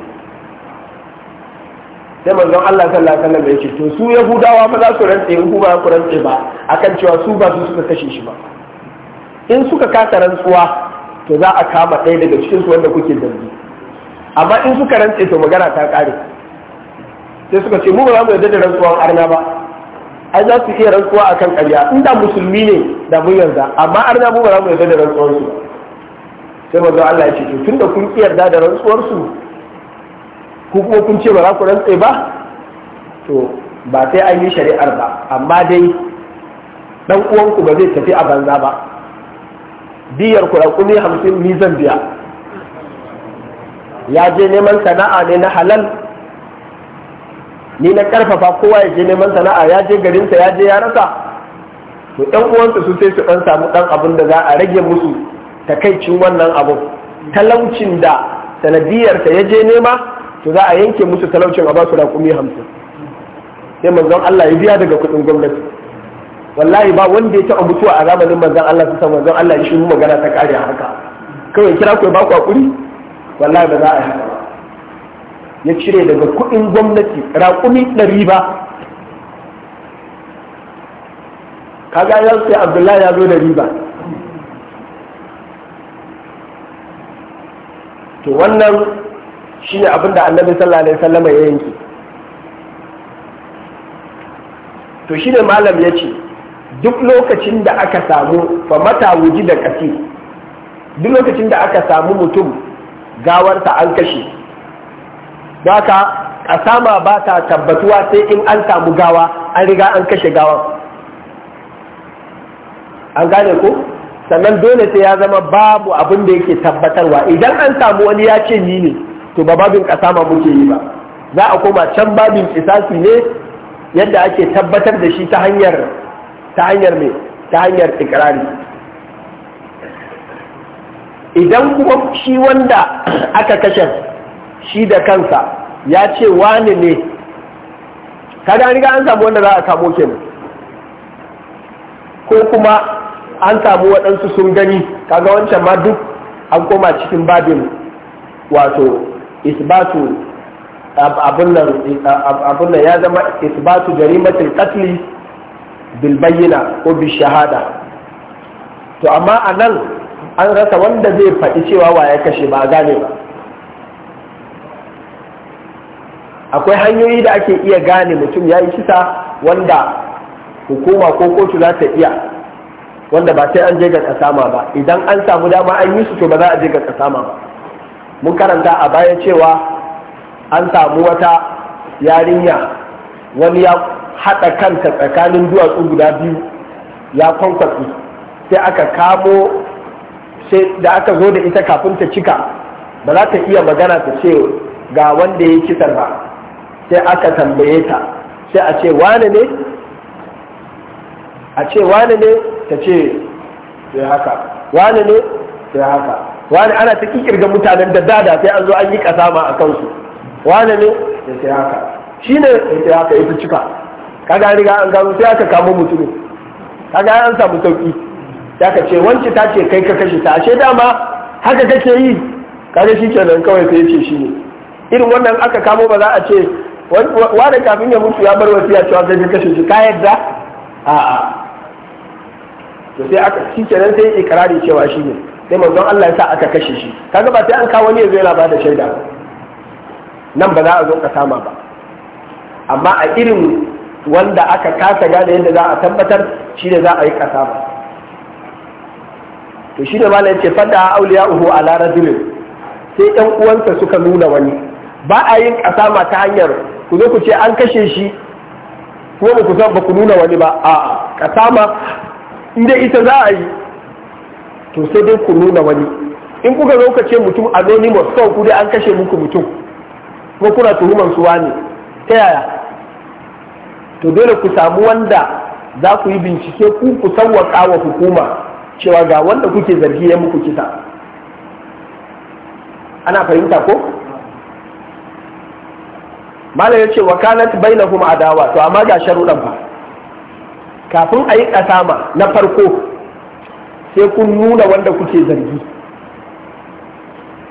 sai manzon Allah sallallahu alaihi wasallam ya ce to su yahudawa ba za su rantse in kuma ku rantse ba akan cewa su ba su suka kashe shi ba in suka kasa rantsuwa to za a kama ɗaya daga cikin su wanda kuke zargi amma in suka rantse to magana ta kare sai suka ce mu ba za mu yarda da rantsuwan arna ba ai za su iya rantsuwa akan ƙarya in da musulmi ne da mun yarda amma arna mu ba za mu yarda da rantsuwar su sai manzon Allah ya ce to tunda kun yarda da rantsuwar su ko kuma kun ce ba za ku rantse ba to ba sai an yi shari'ar ba amma dai dan uwanku ba zai tafi a banza ba biyar ku rakumi hamsin ni zan biya ya je neman sana'a ne na halal ni na karfafa kowa ya je neman sana'a ya je garinsa ya je ya rasa to ɗan uwansa su sai su ɗan samu ɗan abin da za a rage musu takaicin wannan abu. talaucin da sanadiyarsa ya je nema to za a yanke musu talaucin a ba su raƙumi hamsin sai manzon Allah ya biya daga kuɗin gwamnati wallahi ba wanda ya taɓa mutuwa a zamanin manzon Allah su san manzon Allah ya shiru magana ta kare haka kawai kira ku ba ku hakuri wallahi ba za a yi haka ba ya cire daga kuɗin gwamnati raƙumi ɗari ba kaga ya sai Abdullahi ya zo da riba to wannan shi ne abinda annabi sallallahu alaihi wasallam ya yanki. to shi ne malam ya ce duk lokacin da aka samu fa mata wuji da kasi duk lokacin da aka samu mutum gawarta an kashe haka kasama ba ta tabbatuwa sai in an samu gawa an riga an kashe gawan an gane ko sannan dole sai ya zama babu abin da yake tabbatarwa idan an samu wani ya ce ni ne to ba babin kasama muke yi ba za a koma can babin kisasi ne yadda ake tabbatar da shi ta hanyar ta hanyar mai ta hanyar ikrari idan kuma shi wanda aka kashe shi da kansa ya ce wani ne kada riga an samu wanda za a samu kenan ko kuma an samu waɗansu sun gani kaga wancan ma duk an koma cikin babin wato isbatu abun nan ya zama isbatu jarimatul qatli bil bayyina ko bi shahada to amma anan an rasa wanda zai faɗi cewa wa ya kashe ba gane ba akwai hanyoyi da ake iya gane mutum ya yi kisa wanda hukuma ko kotu za ta iya wanda ba sai an je ga kasama ba idan an samu dama an yi su to ba za a je ga kasama ba mun karanta a baya cewa an samu wata yarinya wani ya haɗa kanta tsakanin duwatsu guda biyu ya kwankwatsu sai aka kamo sai da aka zo da ita kafin ta cika ba za ta iya magana ta ce ga wanda ya kitar ba sai aka tambaye ta sai a ce wane ne a ce wane ne ta ce sai haka wane ne sai haka wani ana ta kikirga mutanen da dada sai an zo an yi kasama a kansu wani ne ya sai haka shi ne ya sai haka ya fi cika kaga riga an gano sai aka kamo mutumin gani an samu sauki ya ka ce wance ta ce kai ka kashe ta ashe dama haka kake yi ga shi kenan kawai sai ce shi ne irin wannan aka kamo ba za a ce wani kafin ya mutu ya bar wasiya cewa zai ka kashe shi ka yadda a'a to sai aka shi kenan sai ikrari cewa shi ne sai manzon Allah ya sa aka kashe shi kaga ba sai an kawo ne zai bada shaida nan ba za a zo sama ba amma a irin wanda aka kasa gane yadda za a tabbatar shi ne za a yi ba to shi ne malam ce fadda auliya uhu ala rajulin sai ɗan uwansa suka nuna wani ba a yin kasama ta hanyar ku zo ku ce an kashe shi ko ba ku san ba ku nuna wani ba a'a kasama inda ita za a yi to sai dai ku nuna wani in kuka zo ce mutum anonymous kawai ku dai an kashe muku mutum kuma kuna tuhuman suwa ne ta yaya to dole ku samu wanda za ku yi bincike ku ku sawwaka wa hukuma cewa ga wanda kuke zargi ya muku kisa ana fahimta ko malam ya ce wa kanat bainahum adawa to amma ga sharuɗan ba kafin a yi kasama na farko sai kun nuna wanda kuke zargi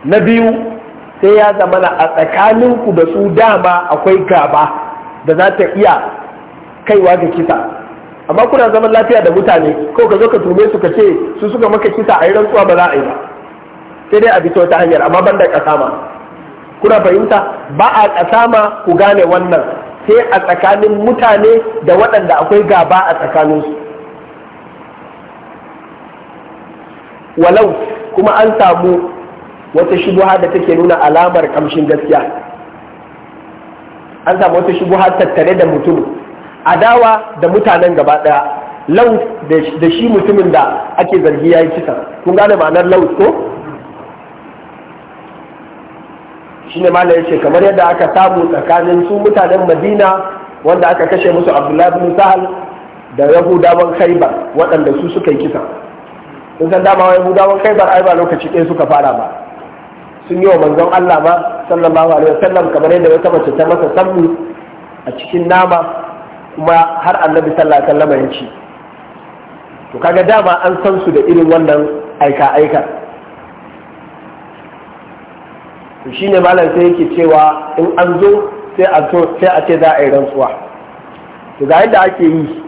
na biyu sai ya zamana a tsakaninku da su dama akwai gaba da za ta iya kaiwa ga kisa amma kuna zaman lafiya da mutane ko ka zo ka tume su ka ce su suka maka kisa a yi rantsuwa ba za a yi ba sai dai a bi ta hanyar amma ban da kasama kuna fahimta ba a kasama ku gane wannan sai a tsakanin mutane da waɗanda akwai gaba a tsakaninsu walau kuma an samu wata shubuha da take nuna alamar kamshin gaskiya an samu wata shubuha tattare da mutum adawa da mutanen gaba daya lau da shi mutumin da ake zargi ya yi kisa kun gane ma'anar laut ko shine ya ce kamar yadda aka samu tsakanin su mutanen Madina wanda aka kashe musu Abdullahi bin Sahal da Yahudawan Khaibar waɗanda su suka yi kisa sun san dama wai hudawan kai bar ai ba lokaci ɗaya suka fara ba sun yi wa manzon Allah ba sallallahu alaihi wasallam kamar yadda wata mace ta masa sammu a cikin nama kuma har annabi sallallahu alaihi wasallam ya ci to kaga dama an san su da irin wannan aika aika to shine malam sai yake cewa in an zo sai a sai a ce za a yi rantsuwa to ga yadda ake yi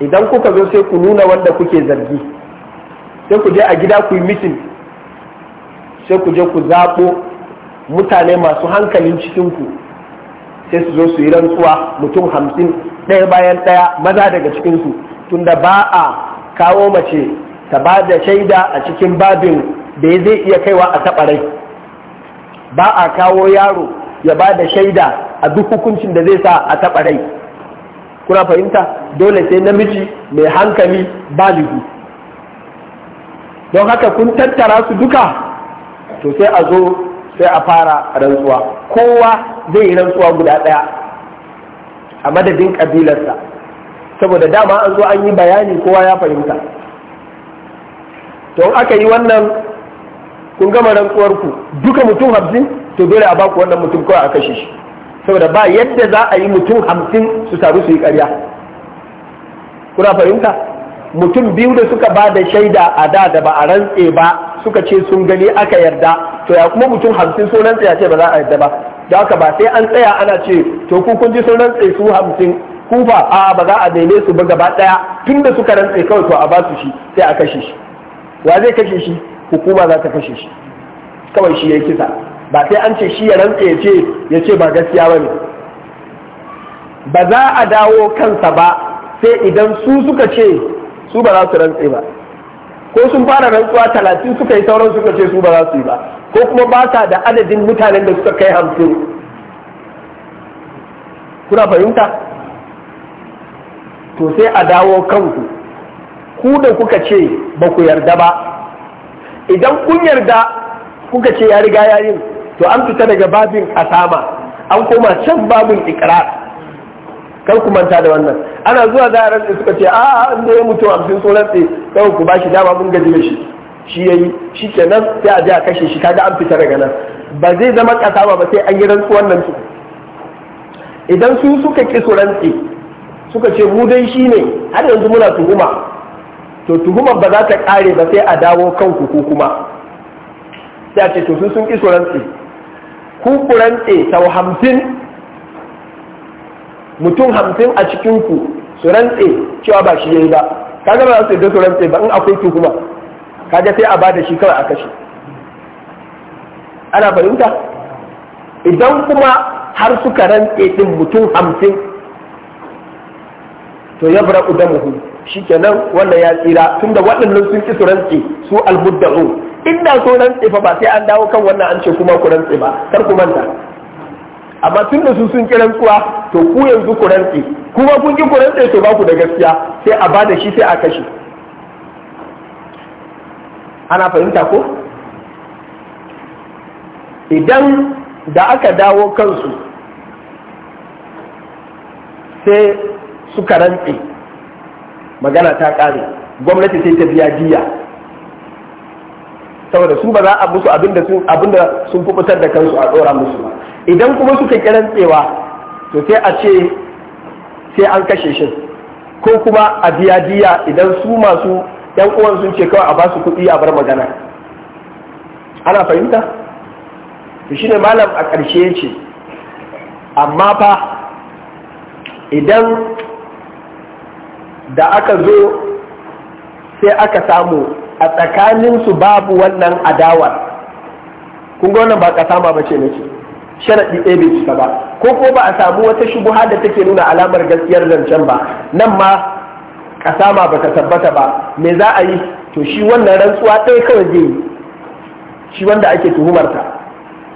idan kuka zo sai ku nuna wanda kuke zargi sai ku je a gida ku yi mitin sai ku je ku zaɓo mutane masu hankalin cikinku sai su zo su yi rantsuwa mutum hamsin ɗaya bayan ɗaya maza daga cikinsu tunda ba a kawo mace ta ba da shaida a cikin babin da ya zai iya kaiwa a taɓa rai ba a kawo yaro ya ba da shaida a duk hukuncin da zai sa a taɓa rai kuna fahimta dole sai namiji mai hankali baligu don haka kun tattara su duka to sai a zo sai a fara rantsuwa kowa zai yi rantsuwa guda ɗaya a madadin ƙabilarsa saboda dama an zo an yi bayani kowa ya fahimta to aka yi wannan kun gama rantsuwarku duka mutum hamsin to dole a baku wannan mutum kawai a kashe shi saboda ba yadda za a yi mutum hamsin su taru su yi karya kuna fahimta mutum biyu da suka ba da shaida a da da ba a rantse ba suka ce sun gani aka yarda to ya kuma mutum hamsin sun rantse ya ce ba za a yarda ba da haka ba sai an tsaya ana ce to ku kun ji sun rantse su hamsin kufa a ba za a daine su ba gaba daya tun da suka rantse kawai to a ba su shi sai a kashe shi wa zai kashe shi hukuma za ta kashe shi kawai shi ya yi kisa ba sai an ce shi ya rantse ya ce ya ce ba gaskiya ba ne ba za a dawo kansa ba sai idan su suka ce su ba za su rantse ba ko sun fara rantsuwa talatin suka yi sauran suka ce su ba za su yi ba ko kuma ba sa da adadin mutanen da suka kai hamsin kuna fahimta to sai a dawo kanku ku da kuka ce ba ku yarda ba idan kun yarda kuka ce ya riga yayin to an fita daga babin asama an koma can babin ikrar kar ku manta da wannan ana zuwa za a rantse suka ce a ah, ah, inda ya mutu a hamsin sun rantse kawai ku bashi dama mun gaji da shi shi yayi shi kenan sai a je a kashe shi kaga an fita daga nan ba zai zama kasama ba sai an yi rantsu nan su idan su suka ki su rantse suka ce mu dai shi ne har yanzu muna tuhuma to tuhumar ba za ta kare ba sai a dawo kanku ko kuma sai a ce to sun ki tsoron rantse ku kurance sau hamsin mutum hamsin a cikinku su rantse cewa ba shi yayi ba Ka gaba za su yadda su rantse ba in akwai Ka ga sai a ba da shi kawai a kashe ana fahimta idan kuma har suka rantse din mutum hamsin to ya bara udamuhu kenan wannan ya tsira tunda waɗannan sun ki su rantse su almudda'u inda so nan tsefa ba sai an dawo kan wannan an ce kuma ku rantse ba kar ku manta amma tun da su sun ki rantsuwa to ku yanzu ku rantse kuma kun ki ku rantse to ba ku da gaskiya sai a bada shi sai a kashe ana fahimta ko idan da aka dawo kansu sai suka rantse magana ta ƙare gwamnati sai ta biya jiya saboda su ba za a musu abinda sun abinda sun fitar da kansu a tsora musu ba idan kuma suka kiran tsewa to sai a ce sai an kashe shi ko kuma a biya diya idan su masu yan uwan sun ce kawai a ba su kuɗi a bar magana ana fahimta to shine malam a ƙarshe ce amma fa idan da aka zo sai aka samu a tsakaninsu babu wannan adawar kun wannan ba kasama ba ce sharaɗi ɗaya bai cika ba ko ko ba a samu wata shubuha da take nuna alamar gaskiyar zancen ba nan ma ƙasama ba ka tabbata ba me za a yi to shi wannan rantsuwa ɗaya kawai zai yi shi wanda ake tuhumarta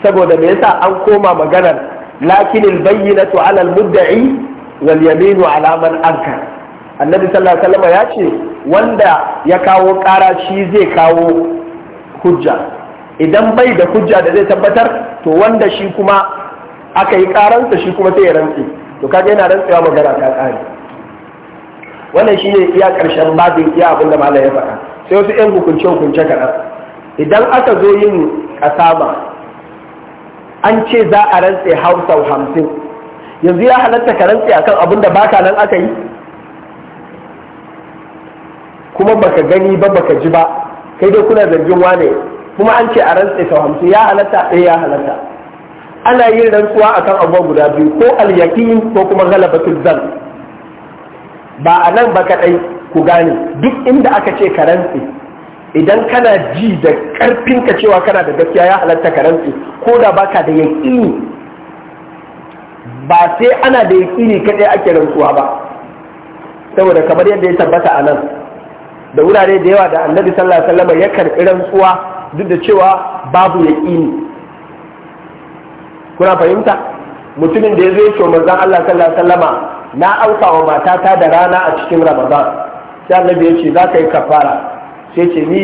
saboda me yasa an koma maganar bayyana to alal mudda'i wal yaminu alamar ankara annabi sallallahu alaihi wasallam ya ce wanda ya kawo kara shi zai kawo hujja idan bai da hujja da zai tabbatar to wanda shi kuma aka yi karanta shi kuma sai ya rantse to kaga yana rantsewa magana ta kare. wannan shi ne iya karshen babin iya abin da malai ya faɗa sai wasu ƴan hukunce hukunce kaɗan idan aka zo yin kasama an ce za a rantse hausa hamsin yanzu ya halatta ka rantse akan abin da baka nan aka yi kuma baka gani ba baka ji ba kai dai kuna zargin wane kuma an ce a rantse sau hamsin ya halatta ɗaya eh, ya halatta ana yin rantsuwa akan abubuwa guda biyu ko al ko kuma ghalabatul zan ba a nan ba kaɗai ku gane duk inda aka ce ka idan kana ji da ƙarfin ka cewa kana da gaskiya ya halatta ka rantse ko da baka da yaƙini ba sai ana da yaƙini kaɗai ake rantsuwa ba saboda kamar yadda ya tabbata a nan da wurare da yawa da annabi sallallahu alaihi wasallam ya karbi rantsuwa duk da cewa babu yaqini kuna fahimta mutumin da ya zo ce manzon Allah sallallahu alaihi wasallama na auka wa matata da rana a cikin Ramadan sai annabi ya ce za ka yi kafara sai ce ni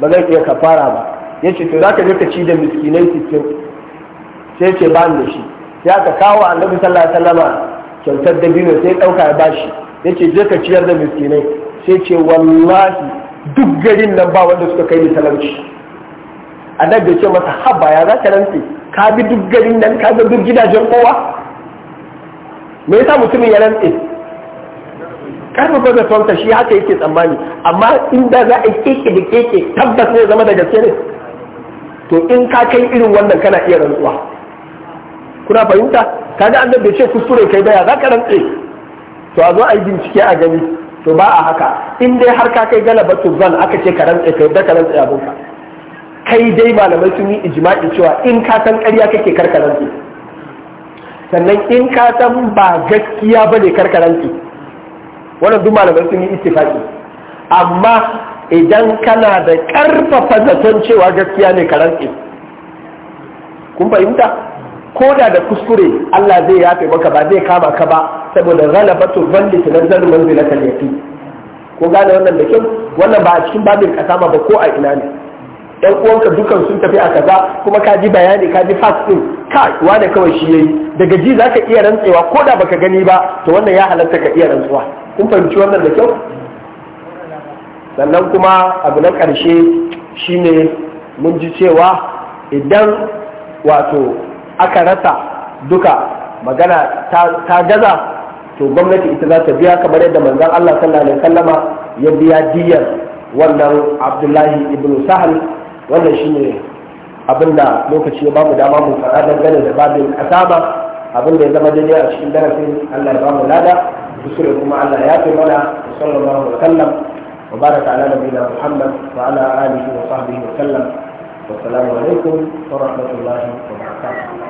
ba zan iya kafara ba ya ce to za ka je ka ci da miskinai sittin sai ce ba ni da shi sai aka kawo annabi sallallahu alaihi wasallama kyautar dabino sai ɗauka ya bashi yace je ka ciyar da miskinai sai ce wallahi duk garin nan ba wanda suka kai ni a nan bai ce masa haba ya za ka rantse ka bi duk garin nan ka ga duk gidajen kowa me yasa mutumin ya rantse karfafa da sonta shi haka yake tsammani amma inda za a keke da keke tabbas ne zama da gaske ne to in ka kai irin wannan kana iya rantsuwa kuna fahimta kaga annabi bai ce kuskure kai baya za ka rantse to a zo a yi bincike a gani to ba a haka in dai har ka kai galaba to zan aka ce ka rantsa ka yadda ka rantsa abinka kai dai malamai sun yi ijma'i cewa in ka san ƙarya kake karkaranci sannan in ka san ba gaskiya ba ne karkaranci wannan duk malamai sun yi ittifaqi amma idan kana da ƙarfafa zaton cewa gaskiya ne karantsi kun fahimta ko da da kuskure Allah zai yafe maka ba zai kama ka ba saboda ghalabatu ta tanzalu manzilatal yaqin ko gane wannan da kyau wannan ba a cikin babin kasama ba ko a ina ne yan uwanka dukan sun tafi a kaza kuma ka ji bayani ka ji fast din ka wani kawai shi yayi daga ji zaka iya rantsewa ko da baka gani ba to wannan ya halarta ka iya rantsuwa kun fahimci wannan da kyau sannan kuma abu na karshe shine mun ji cewa idan wato aka rasa duka magana ta gaza to gwamnati ita za ta biya kamar yadda manzon Allah sallallahu alaihi wasallama ya biya diyar wannan Abdullahi ibn Sahal wannan shine abinda lokaci ya bamu dama mu faɗa dangane da babin kasaba abinda ya zama daidai a cikin darasin Allah ya bamu lada kuskure kuma Allah ya fi mana sallallahu alaihi wasallam wa baraka ala nabiyina Muhammad wa ala alihi wa sahbihi wa sallam wa assalamu alaikum wa rahmatullahi wa barakatuh